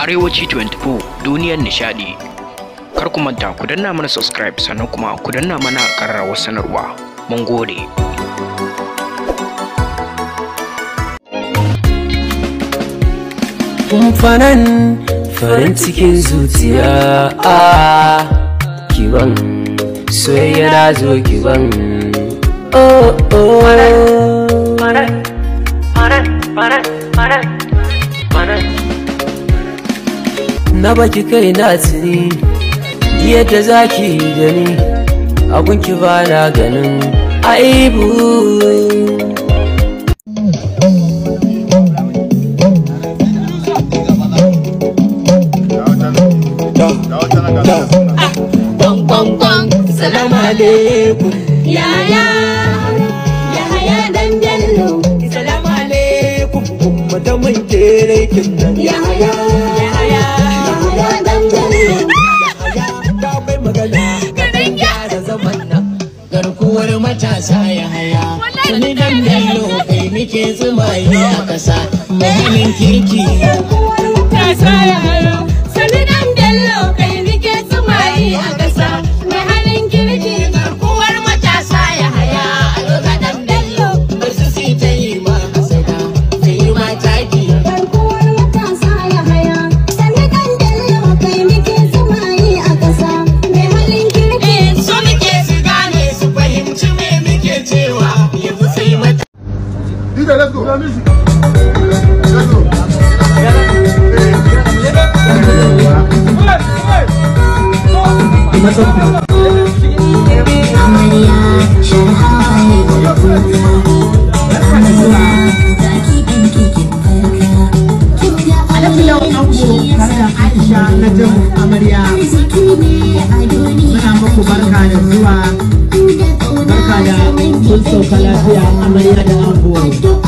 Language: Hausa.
Arewaci 24 duniyar nishadi. Kar ku manta ku danna mana subscribe sannan kuma ku danna mana karrawar sanarwa. Mun gode. fanan farin cikin zuciya a kiban soyayya na zo kiban oh oh. Faran, faran, faran, faran, faran. na baki kai na tsini yadda zaki da ni abunki ba na ganin aibu Salamu alaikum yaya ya dan jallo salam alaikum kuma da mai tere kin yaya unguwar matasa ya haya tuni dan dallo kai eh, muke zuma ne a kasa muhimmin kirki matasa ya haya there, let's go. Let's go. Aisha na jan amarya muna muku barka da zuwa Kada, Pulso Kalatia, Amaya da Ambo.